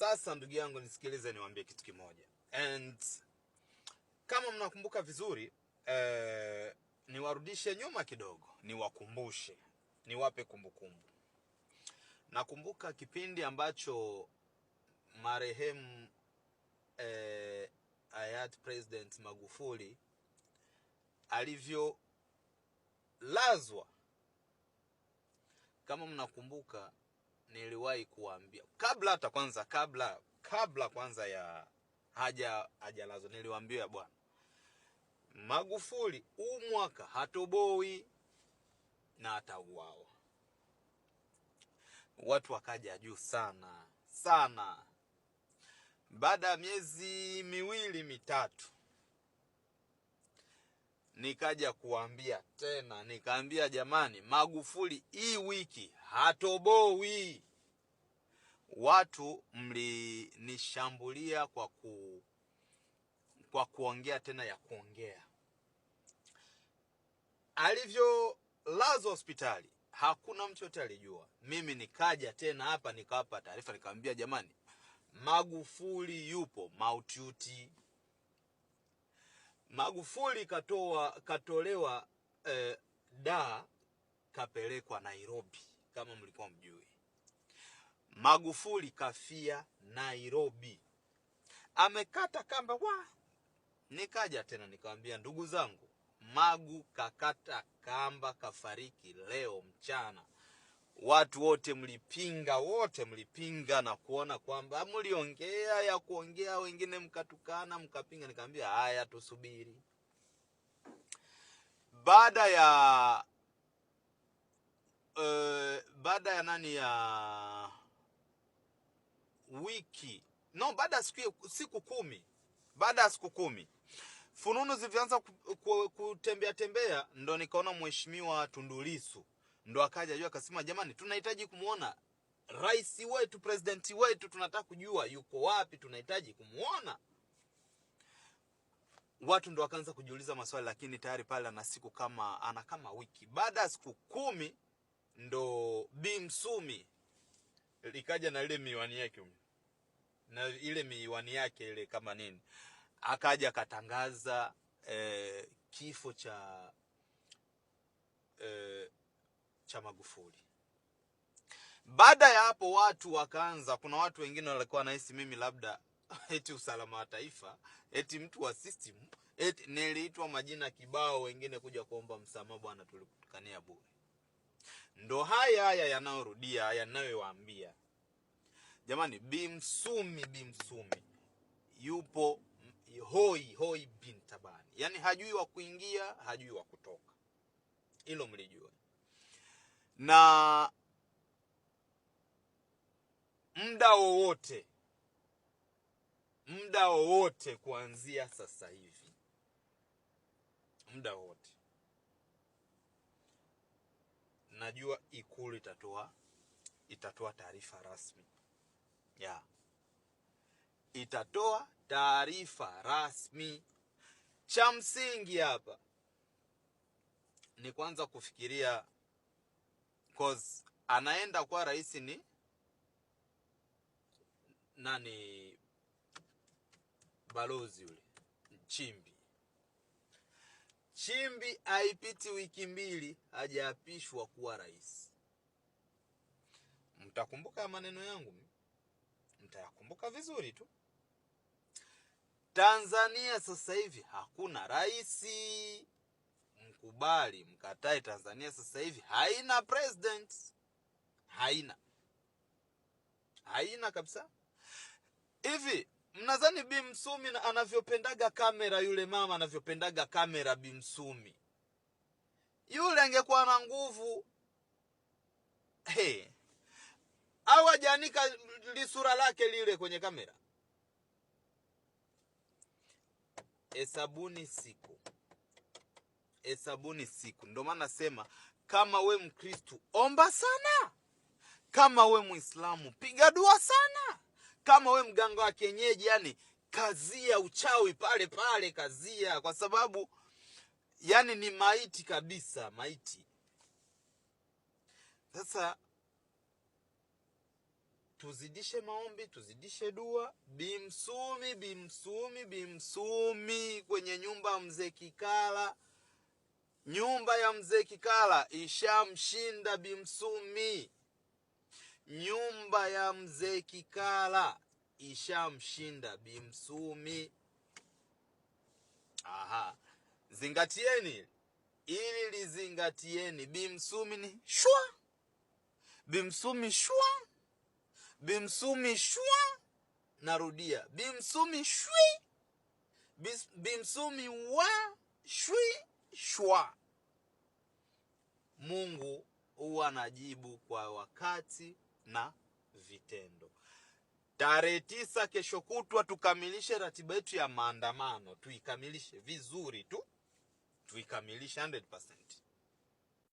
Sasa ndugu yangu, nisikilize niwaambie kitu kimoja and kama mnakumbuka vizuri eh, niwarudishe nyuma kidogo, niwakumbushe, niwape kumbukumbu. Nakumbuka kipindi ambacho marehemu eh, hayati President Magufuli alivyolazwa, kama mnakumbuka niliwahi kuambia kabla hata kwanza kabla kabla kwanza ya haja hajalazo niliwaambia bwana Magufuli huu mwaka hatoboi na atauawa. Watu wakaja juu sana sana. Baada ya miezi miwili mitatu nikaja kuambia tena, nikaambia jamani, Magufuli hii wiki hatoboi. Watu mlinishambulia kwa ku kwa kuongea tena ya kuongea. Alivyolazwa hospitali hakuna mtu yote alijua. Mimi nikaja tena hapa nikawapa taarifa, nikamwambia jamani, Magufuli yupo maututi. Magufuli katoa, katolewa eh, da kapelekwa Nairobi, kama mlikuwa mjui. Magufuli kafia Nairobi, amekata kamba wa. Nikaja tena nikamwambia ndugu zangu, Magu kakata kamba, kafariki leo mchana watu wote mlipinga, wote mlipinga na kuona kwamba mliongea ya kuongea, wengine mkatukana, mkapinga. Nikamwambia haya, tusubiri. Baada ya uh, baada ya nani ya wiki no, baada ya siku, siku kumi, baada ya siku kumi fununu zilianza kutembea tembea, ndo nikaona mheshimiwa Tundulisu ndo akaja juu akasema, jamani, tunahitaji kumwona rais wetu, president wetu, tunataka kujua yuko wapi, tunahitaji kumwona. Watu ndo wakaanza kujiuliza maswali, lakini tayari pale ana siku kama ana kama wiki. Baada ya siku kumi ndo Bimsumi likaja na ile miwani yake na ile miwani yake ile kama nini, akaja akatangaza eh, kifo cha eh, cha Magufuli. Baada ya hapo watu wakaanza, kuna watu wengine walikuwa nahisi mimi labda eti usalama wa taifa, eti mtu wa system, eti niliitwa majina kibao, wengine kuja kuomba msamaha, bwana, tulikutukania bure. Ndo haya haya yanayorudia yanayowaambia, jamani, Bimsumi Bimsumi yupo hoi hoi bin tabani, yaani hajui wa kuingia, hajui wa kutoka. Hilo mlijua na muda wowote, muda wowote kuanzia sasa hivi, muda wowote najua Ikulu itatoa itatoa taarifa rasmi ya itatoa taarifa rasmi. Cha msingi hapa ni kwanza kufikiria cause anaenda kwa rais ni nani, balozi yule chimbi Chimbi haipiti wiki mbili hajaapishwa kuwa rais. Mtakumbuka maneno yangu, mtayakumbuka vizuri tu. Tanzania sasa hivi hakuna rais mkubali mkatae, Tanzania sasa hivi haina president, haina haina kabisa. Hivi mnadhani Bi Msumi anavyopendaga kamera, yule mama anavyopendaga kamera, Bi Msumi yule angekuwa na nguvu hey, au ajanika lisura lake lile kwenye kamera? Hesabuni siku hesabuni siku. Ndio maana nasema kama we Mkristu omba sana, kama we muislamu piga dua sana, kama we mganga wa kienyeji, yani kazia uchawi pale pale, kazia, kwa sababu yani ni maiti kabisa, maiti. Sasa tuzidishe maombi, tuzidishe dua. Bimsumi, bimsumi, bimsumi kwenye nyumba mzee Kikala. Nyumba ya mzee Kikala ishamshinda Bimsumi. Nyumba ya mzee Kikala ishamshinda Bimsumi. Aha, zingatieni ili lizingatieni. Bimsumi ni shwa, Bimsumi shwa, Bimsumi shwa. Narudia, Bimsumi shwi, Bimsumi wa shwi shwa, Mungu huwa anajibu kwa wakati na vitendo. Tarehe tisa, kesho kutwa, tukamilishe ratiba yetu ya maandamano, tuikamilishe vizuri tu, tuikamilishe 100%.